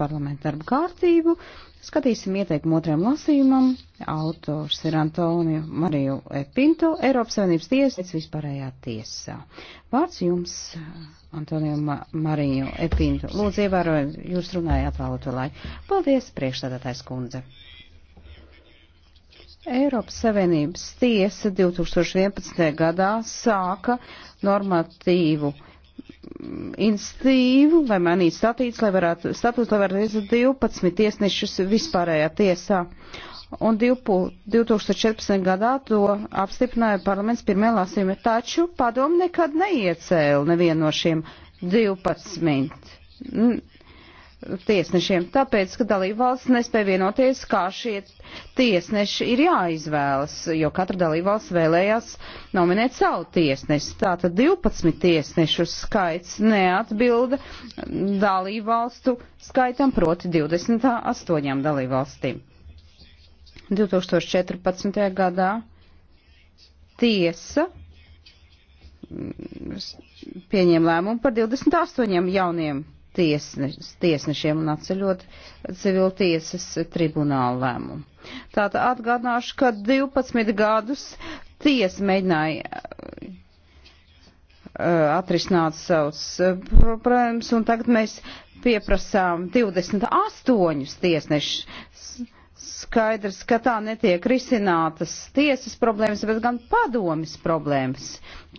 parlamentu darbu kārtību. Skatīsim ieteikumu otrajam lasījumam. Autors ir Antonio Mariju Pinto, Eiropas Savienības tiesas vispārējā tiesā. Vārds jums, Antonio Ma Mariju Pinto. Lūdzu, ievērojiet, jūs runājāt valotu laiku. Paldies, priekšstādātājs kundze. Eiropas Savienības tiesa 2011. gadā sāka normatīvu institīvu, lai mainītu statīts, lai varētu, status, lai varētu iesniegt 12 tiesnešus vispārējā tiesā. Un 2014. gadā to apstiprināja parlaments pirmajā lasījumā, taču padomu nekad neiecēla nevienu no šiem 12 tiesnešiem, tāpēc, ka dalībvalsts nespēja vienoties, kā šie tiesneši ir jāizvēlas, jo katra dalībvalsts vēlējās nominēt savu tiesnesi. Tātad 12 tiesnešu skaits neatbilda dalībvalstu skaitam, proti 28 dalībvalstīm. 2014. gadā tiesa mm, pieņēma lēmumu par 28 jauniem tiesne, tiesnešiem un atceļot civiltiesas tribunālu lēmumu. Tātad atgādināšu, ka 12 gadus tiesa mēģināja uh, atrisināt savus uh, problēmas, un tagad mēs pieprasām 28 tiesnešus skaidrs, ka tā netiek risinātas tiesas problēmas, bet gan padomis problēmas,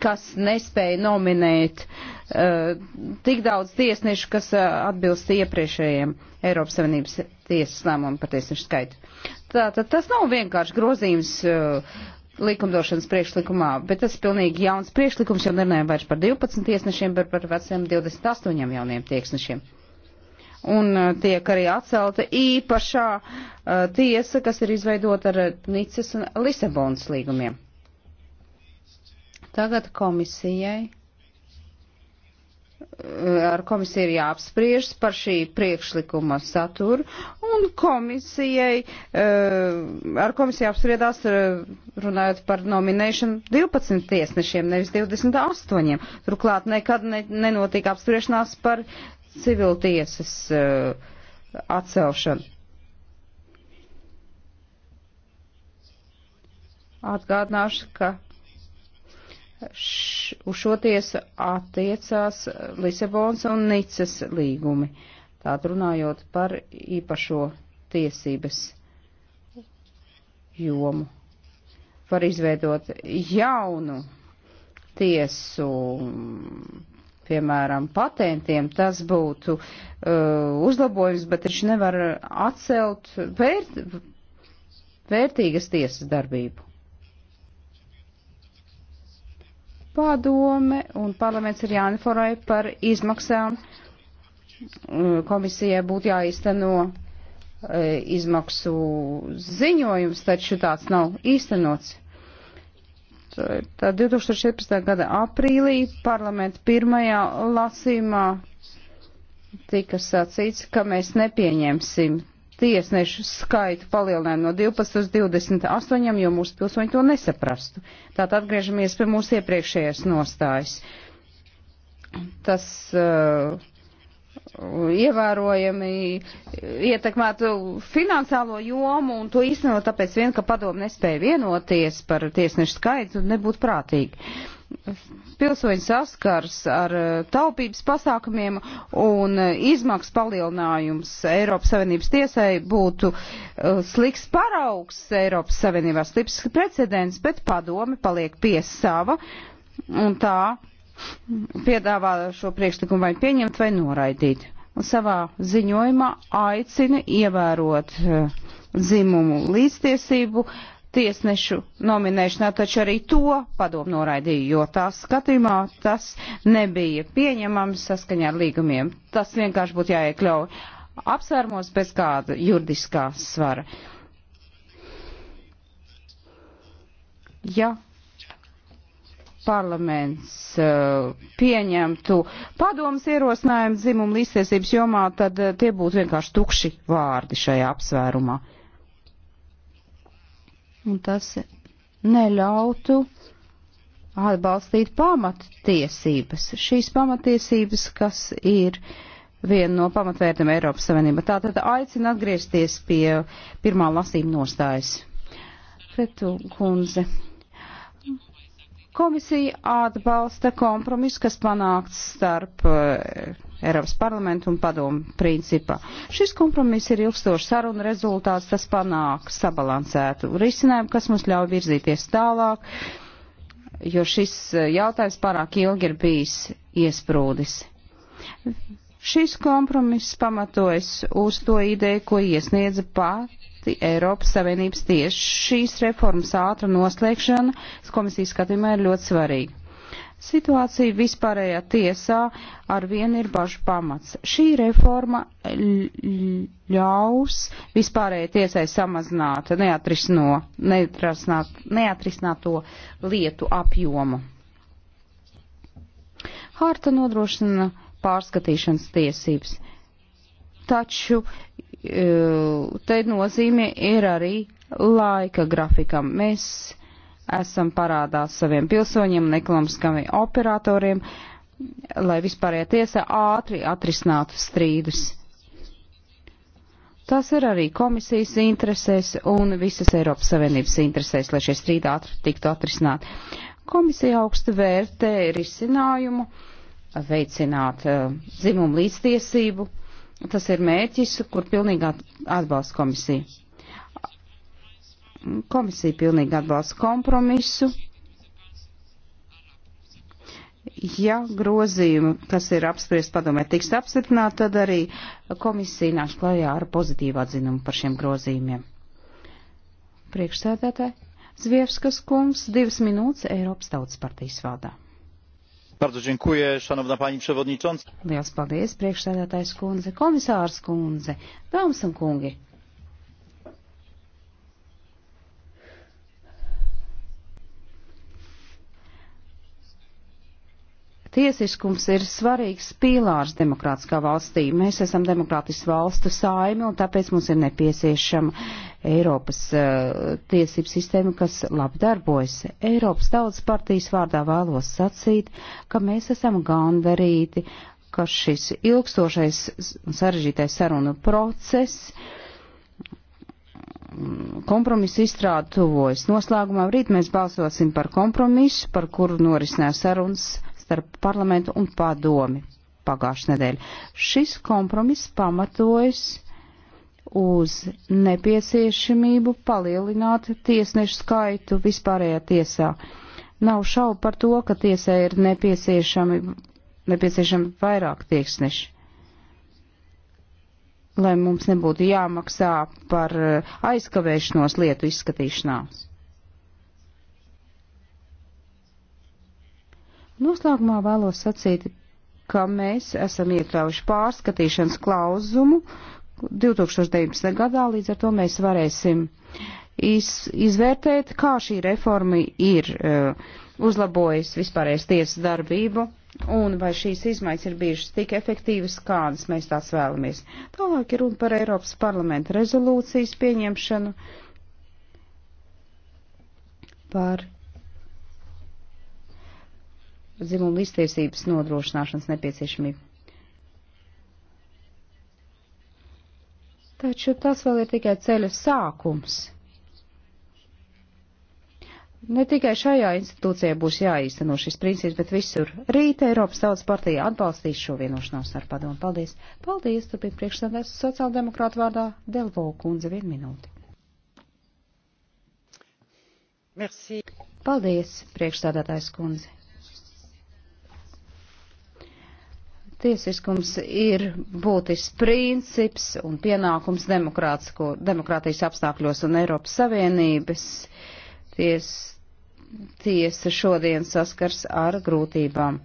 kas nespēja nominēt uh, tik daudz tiesnešu, kas uh, atbilst iepriekšējiem Eiropas Savienības tiesas lēmumu par tiesnešu skaitu. Tātad tas nav vienkārši grozījums uh, likumdošanas priekšlikumā, bet tas ir pilnīgi jauns priekšlikums, jo nerunājam vairs par 12 tiesnešiem, bet par veciem 28 jauniem tiesnešiem un eh, tiek arī atcelta īpašā uh, tiesa, kas ir izveidota ar eh, Nicas un Lisabonas līgumiem. Tagad komisijai. Ar komisiju ir jāapspriež par šī priekšlikuma saturu, un komisijai, uh, ar komisiju apspriedās runājot par nominēšanu 12 tiesnešiem, nevis 28. Turklāt nekad ne, nenotika apspriešanās par uh, civiltiesas eh, atcelšanu. Atgādināšu, ka š, uz šo tiesu attiecās Lisabons un Nicas līgumi, tātad runājot par īpašo tiesības jomu. Var izveidot jaunu tiesu piemēram, patentiem, tas būtu uh, uzlabojums, bet viņš nevar atcelt vērt, vērtīgas tiesas darbību. Padome un parlaments ir jāinformē par izmaksām. Uh, komisijai būtu jāizteno uh, izmaksu ziņojums, taču tāds nav īstenots tā 2014. gada aprīlī parlamenta pirmajā lasīmā tika sacīts, ka mēs nepieņemsim tiesnešu skaitu palielinājumu no 12 uz 28, jo mūsu pilsoņi to nesaprastu. Tātad atgriežamies pie mūsu iepriekšējās nostājas. Tas uh, ievērojami ietekmētu finansiālo jomu un to īstenot tāpēc vien, ka padomu nespēja vienoties par tiesnešu skaitu, nebūtu prātīgi pilsoņi saskars ar eh, taupības pasākumiem un eh, izmaksu palielinājums Eiropas Savienības tiesai būtu eh, sliks paraugs Eiropas Savienībā, slips precedents, bet padomi paliek pie sava un tā piedāvā šo priekšlikumu vai pieņemt vai noraidīt. Un savā ziņojumā aicina ievērot eh, dzimumu līdztiesību tiesnešu nominēšanā, taču arī to padomu noraidīja, jo tās skatījumā tas nebija pieņemams saskaņā ar līgumiem. Tas vienkārši būtu jāiekļauj apsvērumos bez kāda juridiskā svara. Ja parlaments uh, pieņemtu padomas ierosinājumu dzimumu līdztiesības jomā, tad uh, tie būtu vienkārši tukši vārdi šajā apsvērumā. Un tas neļautu atbalstīt pamattiesības, šīs pamattiesības, kas ir viena no pamatvērtiem Eiropas Savienība. Tātad aicina atgriezties pie pirmā lasījuma nostājas. Kretu kundze. Komisija atbalsta kompromisu, kas panākts starp uh, Eiropas parlamentu un padomu principā. Šis kompromiss ir ilgstošs saruna rezultāts, tas panāk sabalansētu risinājumu, kas mums ļauj virzīties tālāk, jo šis eh, jautājums pārāk ilgi ir bijis iesprūdis. Šis kompromiss pamatojas uz to ideju, ko iesniedza pat Eiropas Savienības tieši šīs reformas ātra noslēgšana komisijas skatījumā ir ļoti svarīga. Situācija vispārējā tiesā ar vienu ir bažu pamats. Šī reforma ļaus vispārējai tiesai samazināt neatrisināt, neatrisināt to lietu apjomu. Harta nodrošina pārskatīšanas tiesības, taču te nozīme ir arī laika grafikam. Mēs esam parādā saviem pilsoņiem un ekonomiskajiem operatoriem, lai vispārējā tiesa ātri atrisinātu strīdus. Tas ir arī komisijas interesēs un visas Eiropas Savienības interesēs, lai šie strīdi ātri tiktu atrisināti. Komisija augstu vērtē risinājumu veicināt uh, dzimumu līdztiesību Tas ir mērķis, kur pilnīgi atbalsta komisija. Komisija pilnīgi atbalsta kompromisu. Ja grozījumi, kas ir apspriest padomē, tiks apstiprināti, tad arī komisija nāks klajā ar pozitīvu atzinumu par šiem grozījumiem. Priekšsēdētāji, Zviefskas kungs, divas minūtes Eiropas tautas partijas vārdā. Bardzo dziękuję, szanowna pani przewodnicząca. Liels paldies, priekšsēdētājs kundze, komisārs kundze, dāmas un kungi. Tiesiskums ir svarīgs pīlārs demokrātiskā valstī. Mēs esam demokrātisks valstu saimi, un tāpēc mums ir nepieciešama Eiropas uh, tiesību sistēmu, kas labi darbojas. Eiropas tautas partijas vārdā vēlos sacīt, ka mēs esam gandarīti, ka šis ilgstošais sarežģītais sarunu process mm, kompromisu izstrāde tuvojas. Noslēgumā rīt mēs balsosim par kompromisu, par kuru norisinās sarunas starp parlamentu un padomi pagājušajā nedēļā. Šis kompromiss pamatojas uz nepieciešamību palielināt tiesnešu skaitu vispārējā tiesā. Nav šaubu par to, ka tiesai ir nepieciešami, nepieciešami vairāk tiesneši. Lai mums nebūtu jāmaksā par eh, aizkavēšanos lietu izskatīšanās. Noslēgumā vēlos sacīt, ka mēs esam iekļaujuši pārskatīšanas klauzumu, 2019. gadā, līdz ar to mēs varēsim iz, izvērtēt, kā šī reforma ir uh, uzlabojusi vispārējais tiesas darbību un vai šīs izmaiņas ir bijušas tik efektīvas, kādas mēs tās vēlamies. Tālāk ir runa par Eiropas parlamenta rezolūcijas pieņemšanu par dzimumu iztiesības nodrošināšanas nepieciešamību. Taču tas vēl ir tikai ceļa sākums. Ne tikai šajā institūcijā būs jāīsteno šis princips, bet visur. Rīta Eiropas Tautas partija atbalstīs šo vienošanos ar padomu. Paldies! Paldies! Turpin priekšsēdēs sociāldemokrātu vārdā Delvo kundze vienu minūti. Merci. Paldies, priekšsēdētājs kundze. Tiesiskums ir būtisks princips un pienākums demokrātijas apstākļos un Eiropas Savienības ties, tiesa šodien saskars ar grūtībām.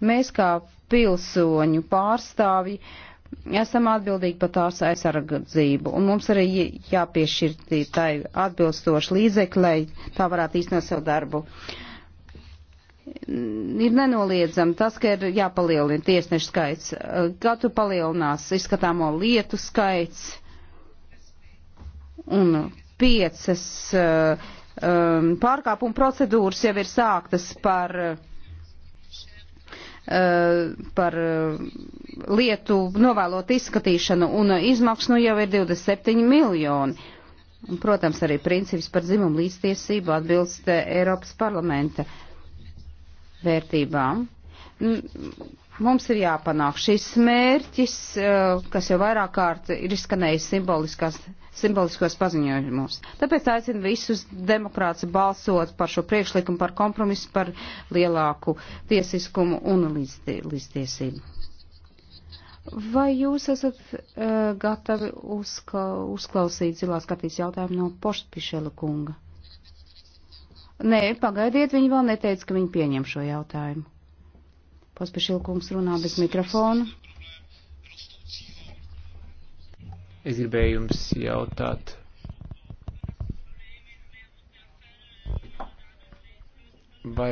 Mēs kā pilsoņu pārstāvji esam atbildīgi par tās aizsardzību, un mums arī jāpiešķir tai atbilstoši līdzekļi, lai tā varētu īstenot savu darbu. Uh, ir nenoliedzami tas, ka ir jāpalielina tiesnešu skaits. Gadu palielinās izskatāmo lietu skaits un piecas um, pārkāpuma procedūras jau ir sāktas par, uh, par uh, lietu novēlot izskatīšanu un izmaksu nu jau ir 27 miljoni. Un, protams, arī princips par dzimumu līdztiesību atbilst Eiropas parlamenta uh, vērtībām. Mums ir jāpanāk šis mērķis, e, kas jau vairāk kārt ir izskanējis simboliskos paziņojumos. Tāpēc aicinu visus demokrātus balsot par šo priekšlikumu, par kompromisu, par lielāku tiesiskumu un līdztiesību. Vai jūs esat uh, gatavi uzkla, uzklausīt zilās kartītes jautājumu no Poštpišela kunga? Nē, pagaidiet, viņi vēl neteica, ka viņi pieņem šo jautājumu. Pospešilkums runā bez mikrofona. Es gribēju jums jautāt. Vai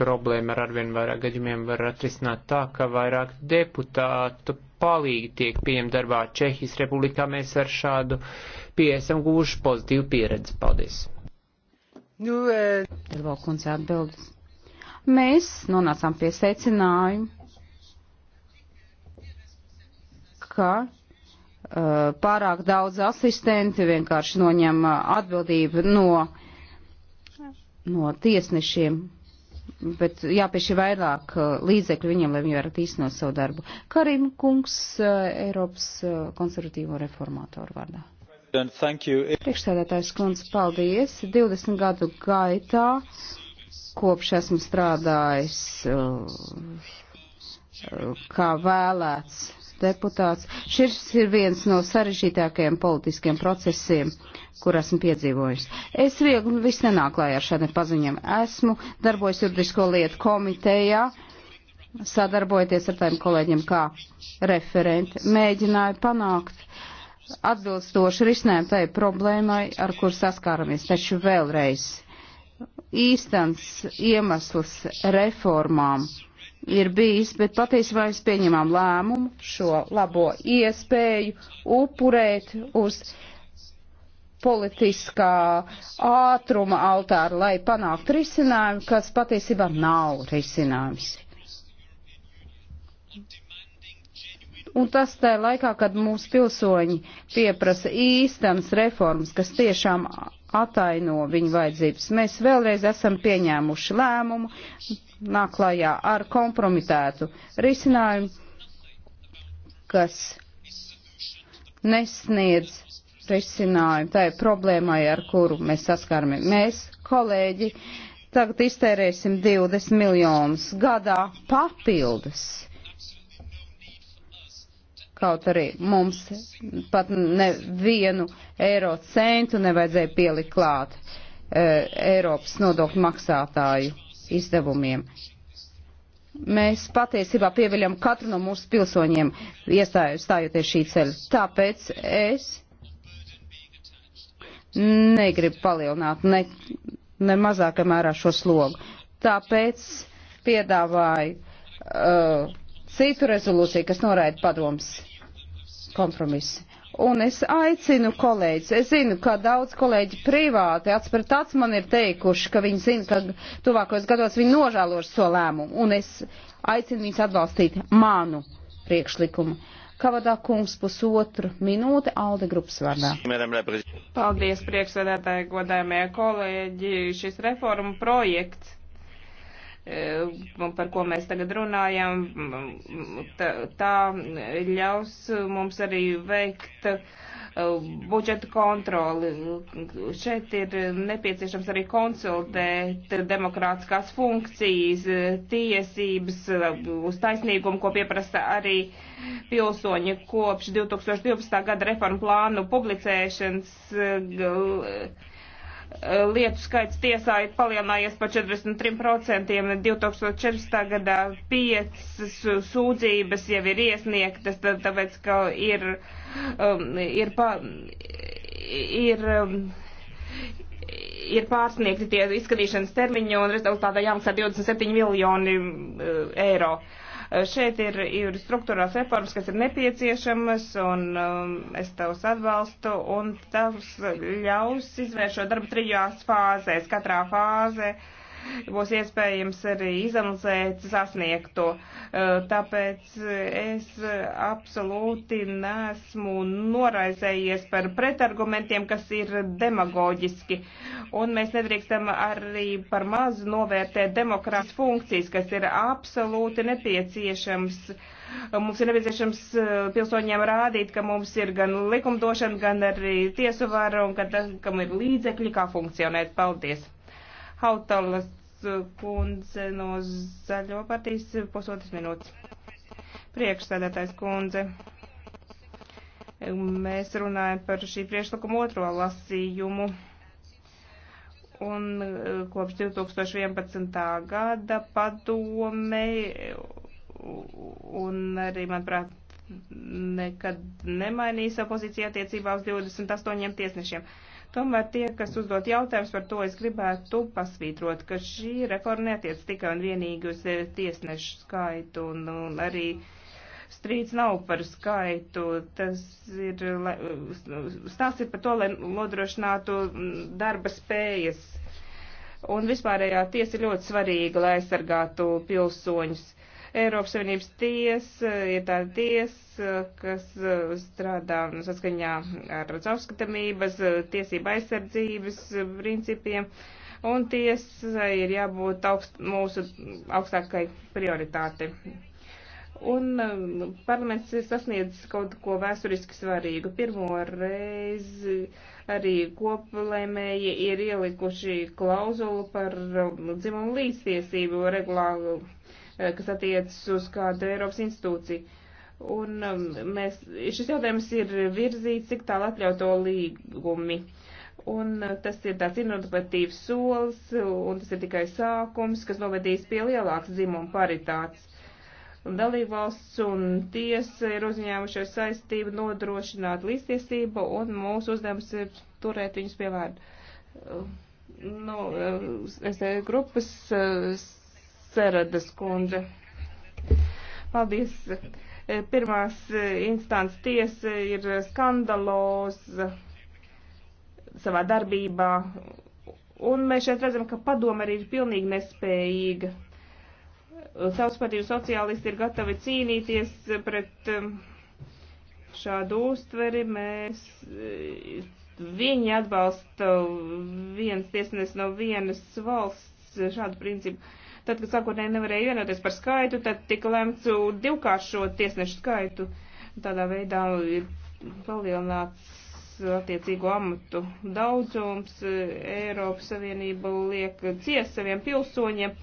problēma ar arvien vairāk gadījumiem var atrisināt tā, ka vairāk deputātu palīgi tiek pieņem darbā Čehijas republikā. Mēs ar šādu pieesam gūšu pozitīvu pieredzi. Paldies! Nu, e... Valkundze atbildes. Mēs nonācām pie secinājuma, ka uh, pārāk daudz asistenti vienkārši noņem e, atbildību no, no tiesnešiem, bet jāpiešķir vairāk e, līdzekļu viņiem, lai viņi varētu īstenot savu darbu. Karim Kungs, Eiropas konservatīvo reformātoru vārdā. Priekšsēdētājs kundze, paldies. 20 gadu gaitā, kopš esmu strādājis uh, kā vēlēts deputāts, šis ir viens no sarežģītākajiem politiskiem procesiem, kur esmu piedzīvojis. Es viegli viss nenāklāju ar šādiem paziņiem. Esmu darbojas juridisko lietu komitejā sadarbojoties ar tādiem kolēģiem kā referenti, mēģināju panākt uh, atbilstoši risinājumu tai problēmai, ar kur saskāramies. Taču vēlreiz īstens iemesls reformām ir bijis, bet patiesībā mēs pieņemām lēmumu šo labo iespēju upurēt uz politiskā ātruma altāra, lai panāktu risinājumu, kas patiesībā nav risinājums. Un tas tā laikā, kad mūsu pilsoņi pieprasa īstenas reformas, kas tiešām ataino viņu vajadzības. Mēs vēlreiz esam pieņēmuši lēmumu, nāklājā ar kompromitētu risinājumu, kas nesniedz risinājumu tai problēmai, ar kuru mēs saskarmi. Mēs, kolēģi, tagad iztērēsim 20 miljonus gadā papildus Kaut arī mums pat nevienu eiro centu nevajadzēja pielikt klāt e, Eiropas nodokļu maksātāju izdevumiem. Mēs patiesībā pieviļam katru no mūsu pilsoņiem, iestājoties šī ceļa. Tāpēc es negribu palielināt ne, ne mazākā mērā šo slogu. Tāpēc piedāvāju uh, citu rezolūciju, kas noraida padoms kompromisu. Un es aicinu kolēģis, es zinu, ka daudz kolēģi privāti atspērt acis man ir teikuši, ka viņi zina, ka tuvākos gados viņi nožēlos to lēmumu. Un es aicinu viņus atbalstīt manu priekšlikumu. Kavadā kungs pusotru minūti Alde grupas vārdā. Paldies, priekšsēdētāji, godājumie kolēģi. Šis reformu projekts Eh, par ko mēs tagad runājam, tā, tā ļaus mums arī veikt eh, budžeta kontroli. Šeit ir nepieciešams arī konsultēt demokrātiskās funkcijas, tiesības uz taisnīgumu, ko pieprasa arī pilsoņi kopš 2012. gada reformu plānu publicēšanas eh, Eh, lietu skaits tiesā ir palielinājies par 43%. 2014. gadā piecas sūdzības jau ir iesniegtas, tāpēc, ka ir, um, ir, pa, ir, um, ir pārsniegti tie izskatīšanas termiņi un rezultātā jāmaksā 27 miljoni eh, eiro. Uh, Eh, šeit ir, ir struktūrās reformas, kas ir nepieciešamas, un um, es tavs atbalstu, un tavs ļaus izvēršot darbu trijās fāzēs. Katrā fāzē uh, būs iespējams arī izanalizēt sasniegto. Tāpēc es absolūti nesmu noraizējies par pretargumentiem, kas ir demagoģiski. Un mēs nedrīkstam arī par maz novērtēt demokrātas funkcijas, kas ir absolūti nepieciešams. Mums ir nepieciešams pilsoņiem rādīt, ka mums ir gan likumdošana, gan arī tiesu vara un ka tas, kam ir līdzekļi, kā funkcionēt. Paldies! Hautalas kundze no Zaļo partijas pusotras minūtes. Priekšsēdētājs kundze. Mēs runājam par šī priekšlikuma otro lasījumu. Un eh, kopš 2011. gada padome un arī, manuprāt, nekad nemainīja savu pozīciju attiecībā uz 28 tiesnešiem. Tomēr tie, kas uzdot jautājumus par to, es gribētu pasvītrot, ka šī reforma netiec tikai un vienīgi uz eh, tiesnešu skaitu un, un arī strīds nav par skaitu. Tas ir, stāsts ir par to, lai nodrošinātu mm, darba spējas. Un vispārējā tiesa ir ļoti svarīga, lai aizsargātu pilsoņus Eiropas Savienības tiesa ir tāda tiesa, kas uh, strādā saskaņā ar caurskatāmības, uh, tiesība aizsardzības uh, principiem, un tiesa ir jābūt augst, mūsu augstākai prioritāte. Un um, parlaments ir sasniedzis kaut ko vēsturiski svarīgu. Pirmo reizi arī koplēmēji ir ielikuši klauzulu par um, dzimumu līdztiesību regulāru Eh, kas attiecas uz kādu Eiropas institūciju. Un um, mēs, šis jautājums ir virzīts, cik tālu atļauto līgumi. Un eh, tas ir tāds inovatīvs solis, un tas ir tikai sākums, kas novedīs pie lielākas dzimuma paritātes. Dalībvalsts un tiesa ir uzņēmušies saistību nodrošināt līdztiesību, un mūsu uzdevums ir turēt viņus pie vārda. Eh, nu, es grupas Seradas kundze. Paldies. Pirmās instants tiesa ir skandaloza savā darbībā. Un mēs šeit redzam, ka padoma arī ir pilnīgi nespējīga. Savspatīvi sociālisti ir gatavi cīnīties pret um, šādu uztveri. Mēs, uh, viņi atbalsta viens tiesnes no vienas valsts šādu principu Tad, kad sākotnēji nevarēja vienoties par skaitu, tad tika lemts divkāršo tiesnešu skaitu. Tādā veidā ir palielināts attiecīgo amatu daudzums. Eiropas Savienība liek ciest saviem pilsoņiem.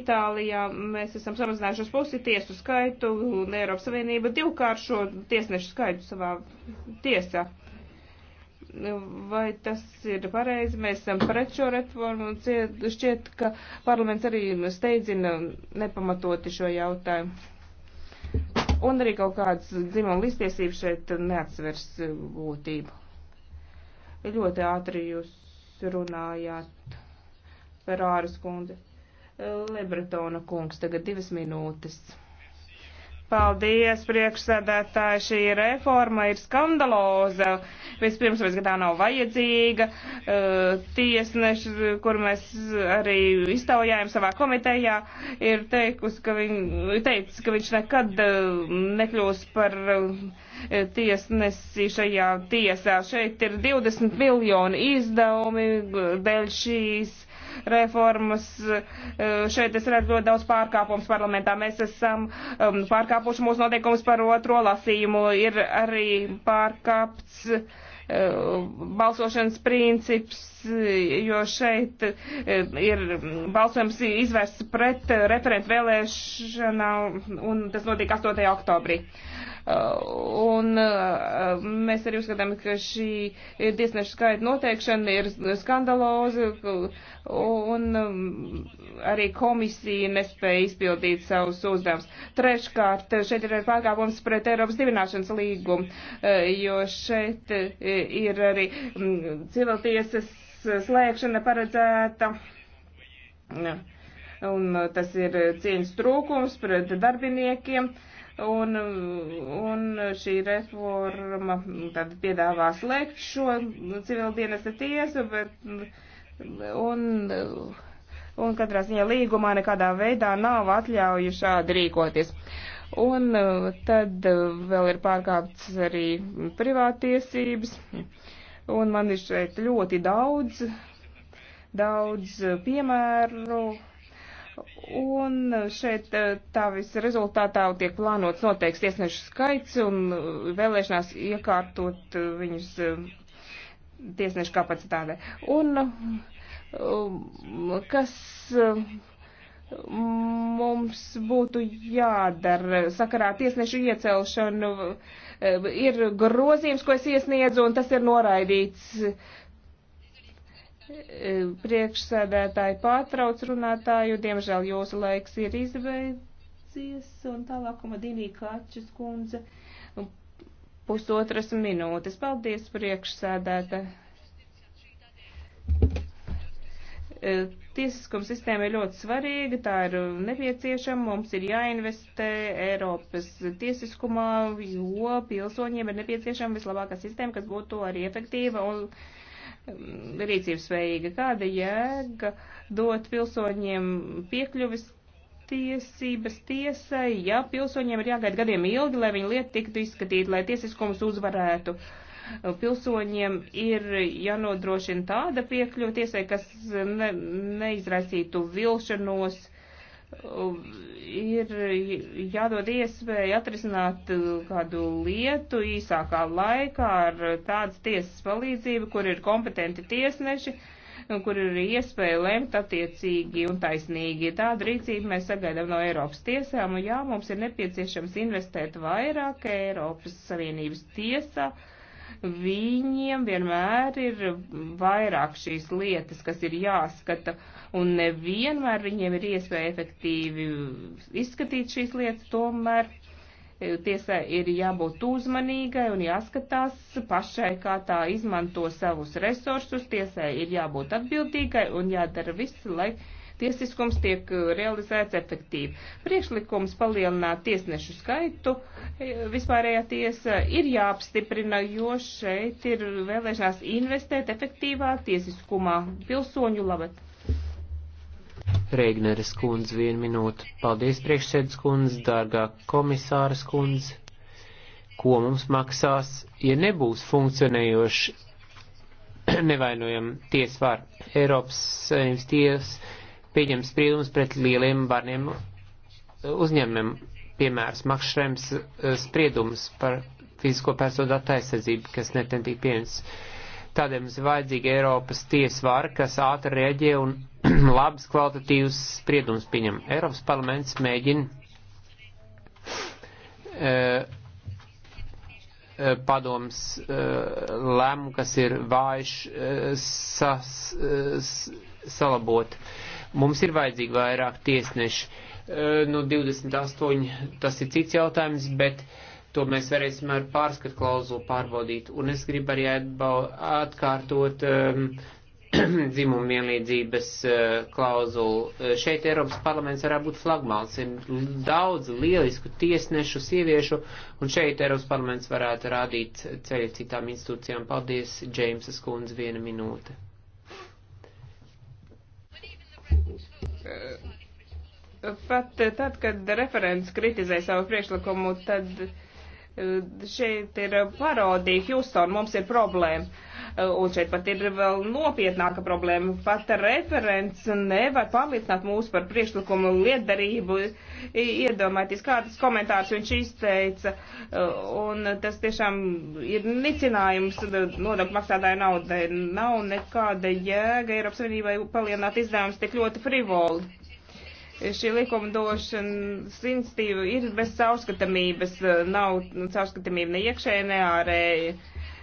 Itālijā mēs esam samazinājuši pusi tiesu skaitu un Eiropas Savienība divkāršo tiesnešu skaitu savā tiesā vai tas ir pareizi, mēs esam pret šo reformu un šķiet, ka parlaments arī steidzina nepamatoti šo jautājumu. Un arī kaut kādas dzimuma līdztiesības šeit neatsvers būtību. Ļoti ātri jūs runājāt, Ferāras kundze. Lebretona kungs, tagad divas minūtes. Paldies, priekšsēdētāji, šī reforma ir skandaloza. Vispirms, pēc gadā nav vajadzīga. Uh, tiesneši, kur mēs arī iztaujājam savā komitejā, ir teikusi, ka, viņ, teicis, ka viņš nekad uh, nekļūs par uh, tiesnesi šajā tiesā. Šeit ir 20 miljoni izdevumi dēļ šīs reformas. Eh, šeit es redzu ļoti daudz pārkāpums parlamentā. Mēs esam um, pārkāpuši mūsu noteikumus par otro lasījumu. Ir arī pārkāpts eh, balsošanas princips jo šeit eh, ir balsojums izvērsts pret eh, referentu vēlēšanā, un tas notiek 8. oktobrī. Eh, un mēs arī uzskatām, ka šī tiesneša skaita noteikšana ir skandaloza, un arī komisija nespēja izpildīt savus uzdevumus. Treškārt, šeit ir pārkāpums pret Eiropas divināšanas līgumu, jo šeit ir arī mm, civiltiesas slēgšana paredzēta. Un tas ir cieņas trūkums pret darbiniekiem. Un, un šī reforma tad piedāvā slēgt šo civildienesta tiesu, bet un, un katrā ziņā līgumā nekādā veidā nav atļauju šādi rīkoties. Un tad vēl ir pārkāptas arī privātiesības. tiesības un man ir šeit ļoti daudz, daudz piemēru. Un šeit eh, tā viss rezultātā tiek plānots noteikts tiesnešu skaits un vēlēšanās iekārtot eh, viņus eh, tiesnešu kapacitātē. Un um, kas um, mums būtu jādara sakarā tiesnešu iecelšanu. Ir grozījums, ko es iesniedzu, un tas ir noraidīts. Priekšsēdētāji pārtrauc runātāju, diemžēl jūsu laiks ir izbeidzies, un tālāk Madinī Kačas kundze pusotras minūtes. Paldies, priekšsēdētāji! E, tiesiskuma sistēma ir ļoti svarīga, tā ir nepieciešama, mums ir jāinvestē Eiropas tiesiskumā, jo pilsoņiem ir nepieciešama vislabākā sistēma, kas būtu arī efektīva un mm, rīcības spējīga. Kāda jēga dot pilsoņiem piekļuvis tiesības tiesai, ja pilsoņiem ir jāgaida gadiem ilgi, lai viņa lieta tiktu izskatīta, lai tiesiskums uzvarētu? Uh, pilsoņiem ir jānodrošina tāda piekļuva tiesai, kas ne, neizraisītu vilšanos, ir jādod iespēja atrisināt kādu lietu īsākā laikā ar tādas tiesas palīdzību, kur ir kompetenti tiesneši kur ir iespēja lemt attiecīgi un taisnīgi. Tādu rīcību mēs sagaidām no Eiropas tiesām, un jā, mums ir nepieciešams investēt vairāk Eiropas Savienības tiesā. Uh, viņiem vienmēr ir vairāk šīs lietas, kas ir jāskata, un nevienmēr viņiem ir iespēja efektīvi izskatīt šīs lietas, tomēr e, tiesai ir jābūt uzmanīgai un jāskatās pašai, kā tā izmanto savus resursus, tiesai ir jābūt atbildīgai un jādara viss, lai tiesiskums tiek eh, realizēts efektīvi. Priekšlikums palielināt tiesnešu skaitu eh, vispārējā tiesa ir jāapstiprina, jo šeit ir vēlēšanās investēt efektīvā tiesiskumā pilsoņu labad. Reigneres kundze, vienu minūtu. Paldies, priekšsēdus kundze, dārgā komisāras kundze. Ko mums maksās, ja nebūs funkcionējoši nevainojam tiesvaru Eiropas Savienības tiesa? pieņem spriedumus pret lieliem varniem uzņēmumiem. Piemērs Makšrems eh, spriedums par fizisko personu datu aizsardzību, kas neten tika pieņems. Tādēļ mums ir vajadzīga Eiropas tiesvara, kas ātri rēģē un labs kvalitatīvs spriedums pieņem. Eiropas parlaments mēģina uh, padoms lēmumu, kas ir vājš, sas, salabot. Mums ir vajadzīgi vairāk tiesneši. Nu, 28 tas ir cits jautājums, bet to mēs varēsim ar pārskatu klauzulu pārbaudīt. Un es gribu arī atkārtot um, dzimumu vienlīdzības klauzulu. Šeit Eiropas parlaments varētu būt flagmāls. Ir daudz lielisku tiesnešu, sieviešu, un šeit Eiropas parlaments varētu rādīt ceļu citām institūcijām. Paldies, Džeimsas kundze, viena minūte. Pat eh, tad, kad referents kritizē savu priekšlikumu, tad eh, šeit ir parodija Houston, mums ir problēma. Eh, un šeit pat ir vēl nopietnāka problēma. Pat referents nevar pārliecināt mūs par priekšlikumu liederību. Iedomājieties, kādas komentārus viņš izteica. Un tas tiešām ir nicinājums nodokļu maksātāju naudai. Nav nekāda jēga Eiropas Savienībai palielināt izdevumus tik ļoti frivoli šī likumdošanas institīva ir bez caurskatāmības, eh, nav caurskatāmība ne iekšēji, ne ārēji.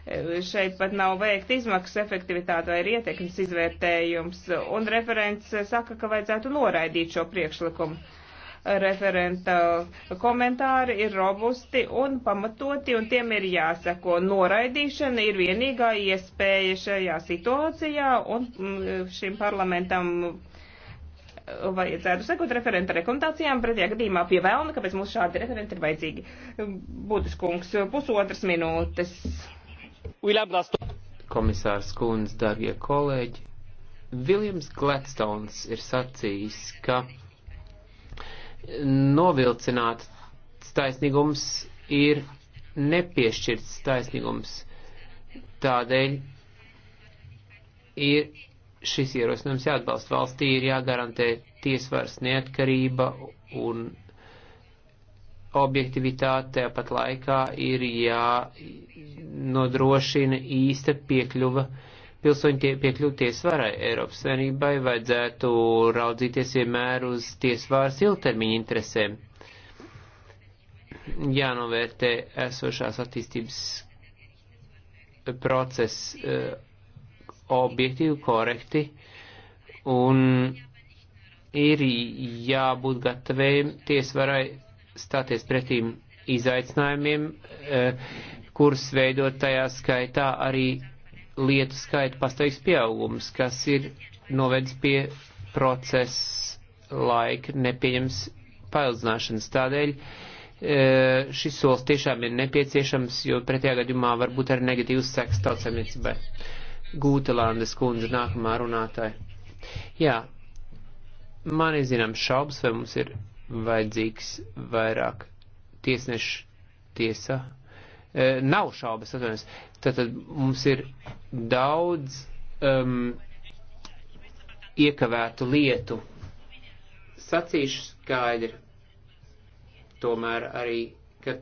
Eh, šeit pat nav veikt izmaksas efektivitāte vai ietekmes izvērtējums, un referents saka, ka vajadzētu noraidīt šo priekšlikumu. Referenta komentāri ir robusti un pamatoti, un tiem ir jāsako. Noraidīšana ir vienīgā iespēja šajā situācijā, un mm, šim parlamentam vajadzētu sekot referenta rekomendācijām, pretējā gadījumā pie vēlna, kāpēc mums šādi referenti ir vajadzīgi. Būtiskungs, pusotras minūtes. Komisārs Kunz, darbie kolēģi, Viljams Gladstones ir sacījis, ka novilcināt taisnīgums ir nepiešķirts taisnīgums. Tādēļ ir šis ierosinājums jāatbalsta. Valstī ir jāgarantē tiesvaras neatkarība un objektivitāte, tāpat laikā ir jānodrošina īsta piekļuva pilsoņu tie, piekļuvu tiesvarai. Eiropas Savienībai vajadzētu raudzīties vienmēr uz tiesvāras ilgtermiņa interesēm. Jānovērtē esošās attīstības process eh, objektīvi, korekti un ir jābūt gatavējiem tiesvarai stāties pretīm izaicinājumiem, eh, kurus veidot tajā skaitā arī lietu skaita pastāvīgs pieaugums, kas ir novedis pie procesa laika nepieņems paildzināšanas. Tādēļ eh, šis solis tiešām ir nepieciešams, jo pretējā gadījumā var būt arī negatīvs seks tautsamiecībai. Gūtelandes kundze nākamā runātāja. Jā, man ir zināms šaubas, vai mums ir vajadzīgs vairāk tiesnešu tiesā. E, nav šaubas, atvainojos. Tātad mums ir daudz um, iekavētu lietu. Sacīšu skaidri, tomēr arī, ka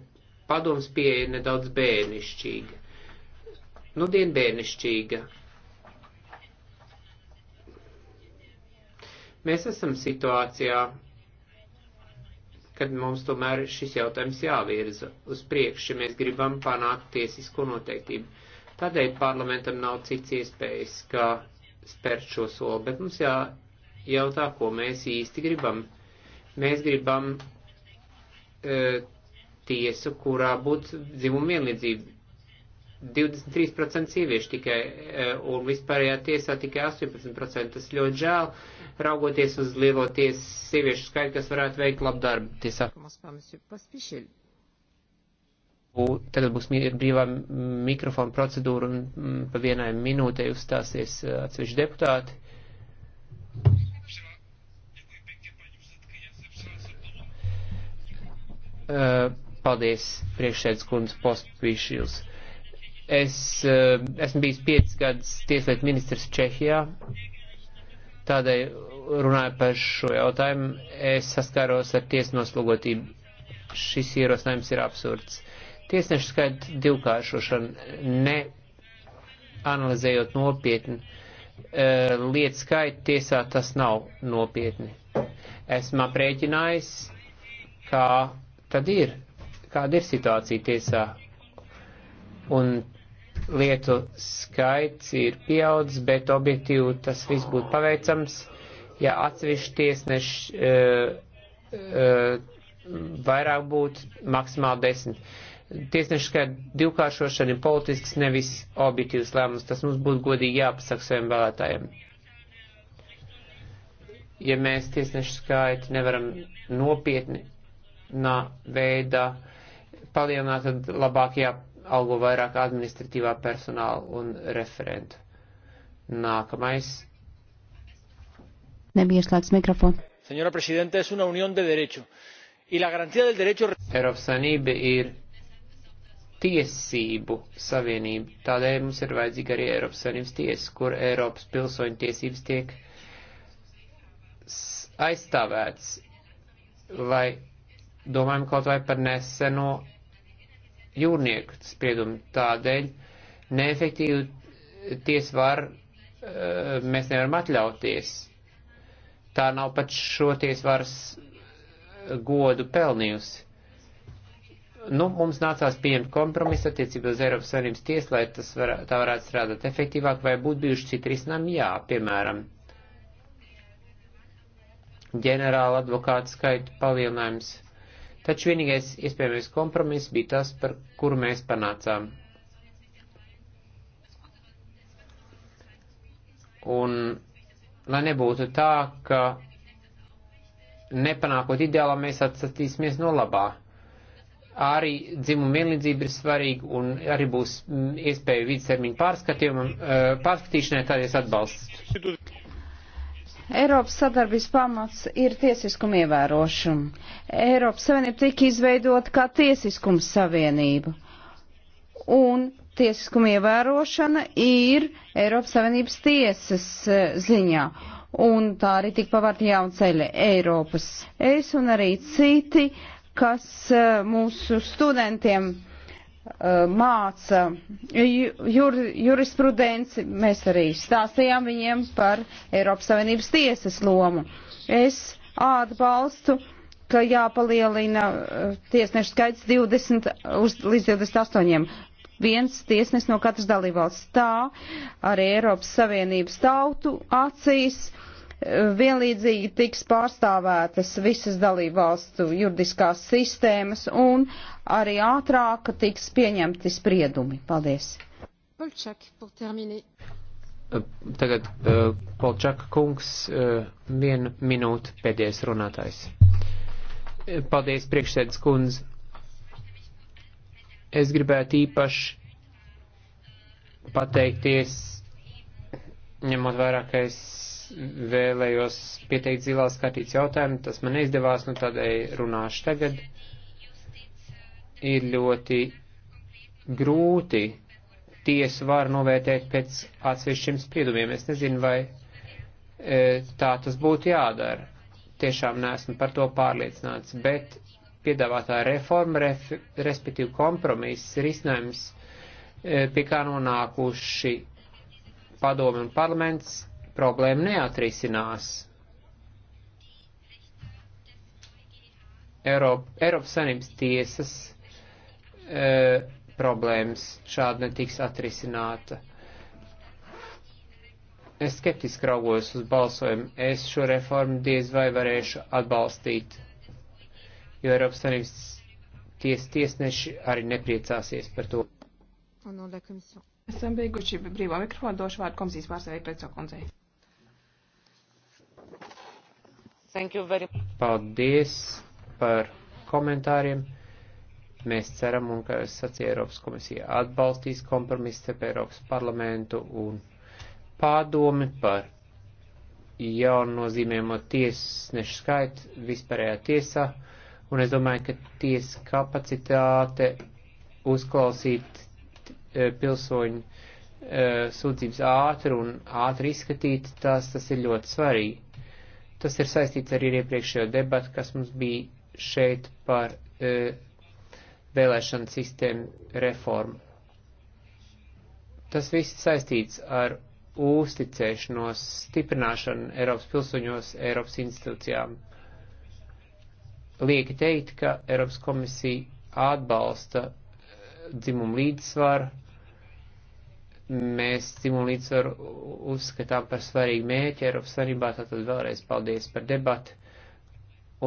padoms pieeja nedaudz bērnišķīga nu dien bērnišķīga. Mēs esam situācijā, kad mums tomēr šis jautājums jāvirza uz priekšu, ja mēs gribam panākt tiesisko noteiktību. Tādēļ parlamentam nav cits iespējas, kā spērt šo soli, bet mums jājautā, ko mēs īsti gribam. Mēs gribam e, tiesu, kurā būtu dzimuma vienlīdzība 23% sieviešu tikai, e, un vispārējā tiesā tikai 18%. Tas ļoti žēl, raugoties uz lielo tiesu sieviešu skaitu, kas varētu veikt labu darbu tiesā. Un tagad būs brīvā mikrofona procedūra, un mm, pa vienai minūtei uzstāsies e, atsevišķi deputāti. E, paldies, priekšsēdus kundze Postpīšils Es eh, esmu bijis 5 gadus tieslietu ministrs Čehijā, tādēļ runāju par šo jautājumu. Es saskāros ar tiesnoslogotību. Šis ierosinājums ir absurds. Tiesnešu skaita divkāršošana, ne analizējot nopietni eh, lietu skaitu tiesā, tas nav nopietni. Esmu aprēķinājis, kā tad ir, kāda ir situācija tiesā. Un Lietu skaits ir pieaudzis, bet objektīvi tas viss būtu paveicams, ja atsevišķi tiesneši uh, e, uh, e, vairāk būtu maksimāli desmit. Tiesneši skaita divkāršošana ir politisks, nevis objektīvs lēmums. Tas mums būtu godīgi jāpasaka saviem vēlētājiem ja mēs tiesnešu skaitu nevaram nopietni nā veidā palielināt, tad labāk jā, algo vairāk administratīvā personāla un referentu. Nākamais. Nebija ieslēgts mikrofons. Señora Presidente, es una unión de derecho. Y la garantía del derecho. Eiropas Savienība ir tiesību savienība. Tādēļ mums ir vajadzīga arī Eiropas Savienības tiesa, kur Eiropas pilsoņu tiesības tiek aizstāvēts. Vai domājam kaut vai par neseno jūrnieku spriedumu tādēļ neefektīvu tiesvaru eh, mēs nevaram atļauties. Tā nav pat šo tiesvaras eh, godu pelnījusi. Nu, mums nācās pieņemt kompromisu attiecībā uz Eiropas Savienības tiesu, lai tas var, tā varētu strādāt efektīvāk, vai būtu bijuši citi risinājumi? Jā, piemēram, ģenerāla advokāta skaitu palielinājums Taču vienīgais iespējamais kompromiss bija tas, par kuru mēs panācām. Un lai nebūtu tā, ka nepanākot ideālā mēs atsatīsimies no labā. Arī dzimuma vienlīdzība ir svarīga un arī būs mm, iespēja vidustermiņu pārskatījumam, eh, pārskatīšanai, tādēļ es atbalstu. Eiropas sadarbības pamats ir tiesiskuma ievērošana. Eiropas Savienība tika izveidota kā tiesiskuma savienība. Un tiesiskuma ievērošana ir Eiropas Savienības tiesas e, ziņā. Un tā arī tika pavārta jaunceļa Eiropas. Es un arī citi, kas e, mūsu studentiem Uh, māca jur, jurisprudenci, mēs arī stāstījām viņiem par Eiropas Savienības tiesas lomu. Es atbalstu, ka jāpalielina uh, tiesnešu skaits 20 uz, līdz 28. Viens tiesnes no katras dalībvalsts. Tā arī Eiropas Savienības tautu acīs. Uh, vienlīdzīgi tiks pārstāvētas visas dalībvalstu juridiskās sistēmas un arī ātrāk tiks pieņemti spriedumi. Paldies! Polčak, eh, Tagad uh, eh, Polčaka kungs, uh, eh, vienu minūtu pēdējais runātājs. Paldies, priekšsēdus kundze. Es gribētu īpaši pateikties, ņemot vairāk, ka es vēlējos pieteikt zilās kartītes jautājumu, tas man neizdevās, nu tādēļ runāšu tagad. Ir ļoti grūti tiesu var novērtēt pēc atsevišķiem spriedumiem. Es nezinu, vai e, tā tas būtu jādara. Tiešām neesmu par to pārliecināts, bet piedāvātā reforma, ref, respektīvi kompromiss, risinājums, e, pie kā nonākuši padomi un parlaments, problēma neatrisinās. Eiropa, Eiropas Savienības tiesas e, problēmas šādi netiks atrisināta. Es skeptiski raugos uz balsojumu. Es šo reformu diez vai varēšu atbalstīt, jo Eiropas Savienības ties, tiesneši arī nepriecāsies par to. Esam beiguši brīvā mikrofonu, došu vārdu komisijas pārstāvēju Kreco kundzei. Paldies par komentāriem. Mēs ceram, un kā es sacīju, Eiropas komisija atbalstīs kompromisu starp Eiropas parlamentu un pārdomi par jaunu nozīmēmo tiesnešu skaitu vispārējā tiesā, un es domāju, ka tiesa kapacitāte uzklausīt e, pilsoņu e, sūdzības ātri un ātri izskatīt, tas, tas ir ļoti svarīgi. Tas ir saistīts arī ar iepriekšējo debatu, kas mums bija šeit par e, vēlēšanu sistēmu reformu. Tas viss saistīts ar uzticēšanos, stiprināšanu Eiropas pilsoņos, Eiropas institūcijām. Lieki teikt, ka Eiropas komisija atbalsta e, dzimumu līdzsvaru, mēs stimulu līdzsvaru uzskatām par svarīgu mērķi Eiropas Savienībā, tātad vēlreiz paldies par debatu.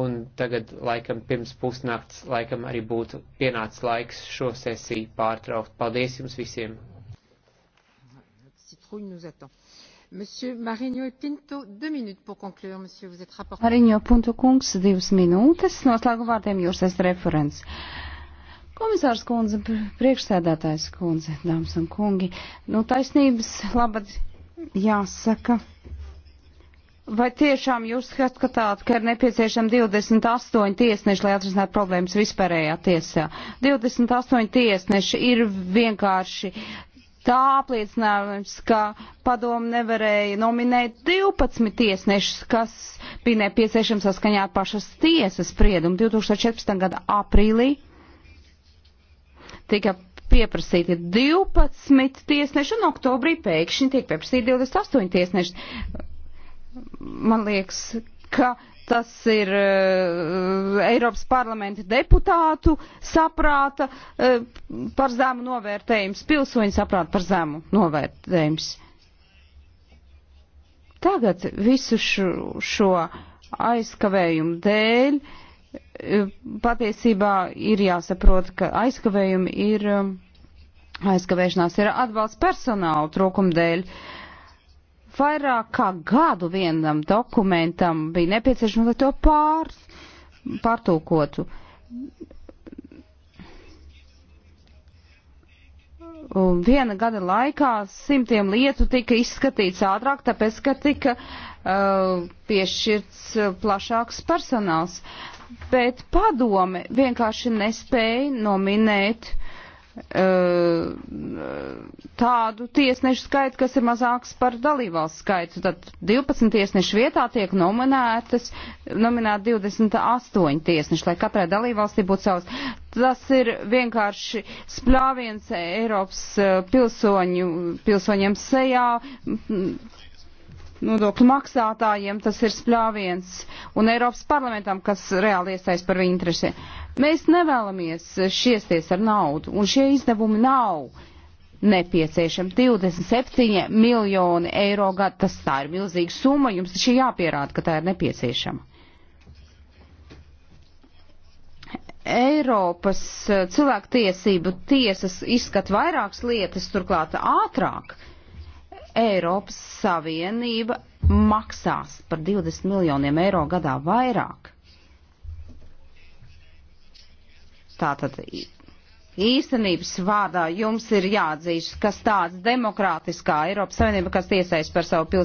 Un tagad, laikam, pirms pusnakts, laikam arī būtu pienācis laiks šo sesiju pārtraukt. Paldies jums visiem! Mariņo Pinto kungs, divas minūtes, noslēgu vārdiem jūs esat referents. Komisārs kundze, priekšsēdētājs kundze, dāmas un kungi, nu taisnības labad jāsaka. Vai tiešām jūs skatāt, ka ir nepieciešami 28 tiesneši, lai atrisinātu problēmas vispārējā tiesā? 28 tiesneši ir vienkārši tā apliecinājums, ka padomu nevarēja nominēt 12 tiesnešus, kas bija nepieciešams saskaņā ar pašas tiesas spriedumu 2014. gada aprīlī tika pieprasīti 12 tiesneši, un oktobrī pēkšņi tiek pieprasīti 28 tiesneši. Man liekas, ka tas ir uh, Eiropas parlamenta deputātu saprāta uh, par zemu novērtējums, pilsoņu saprāta par zemu novērtējums. Tagad visu šo, šo aizkavējumu dēļ uh, patiesībā ir jāsaprot, ka aizkavējumi ir, um, aizkavēšanās ir atbalsts personāla trūkuma dēļ. Vairāk kā gadu vienam dokumentam bija nepieciešams, lai to pār, pārtulkotu. Un viena gada laikā simtiem lietu tika izskatīts ātrāk, tāpēc, ka tika uh, piešķirts uh, plašāks personāls. Uh, bet padome vienkārši nespēja nominēt uh, tādu tiesnešu skaitu, kas ir mazāks par dalībvalsts skaitu. Tad 12 tiesnešu vietā tiek nominētas, nominēti 28 tiesneši, lai katrai dalībvalstī būtu savs. Tas ir vienkārši spļāviens Eiropas eh, pilsoņu, pilsoņiem sejā, nodokļu maksātājiem tas ir spļāviens un Eiropas parlamentam, kas reāli iestājas par viņu interesi. Mēs nevēlamies šiesties ar naudu, un šie izdevumi nav nepieciešami 27 miljoni eiro gadu. Tas tā ir milzīga summa, jums šī jāpierāda, ka tā ir nepieciešama. Eiropas eh, cilvēktiesību tiesas izskat vairākas lietas, turklāt ātrāk. Uh, Eiropas Savienība maksās par 20 miljoniem eiro gadā vairāk. Tātad īstenības vārdā jums ir jāatzīst, kas tāds demokrātiskā Eiropas Savienība, kas tiesais par savu pilsētu.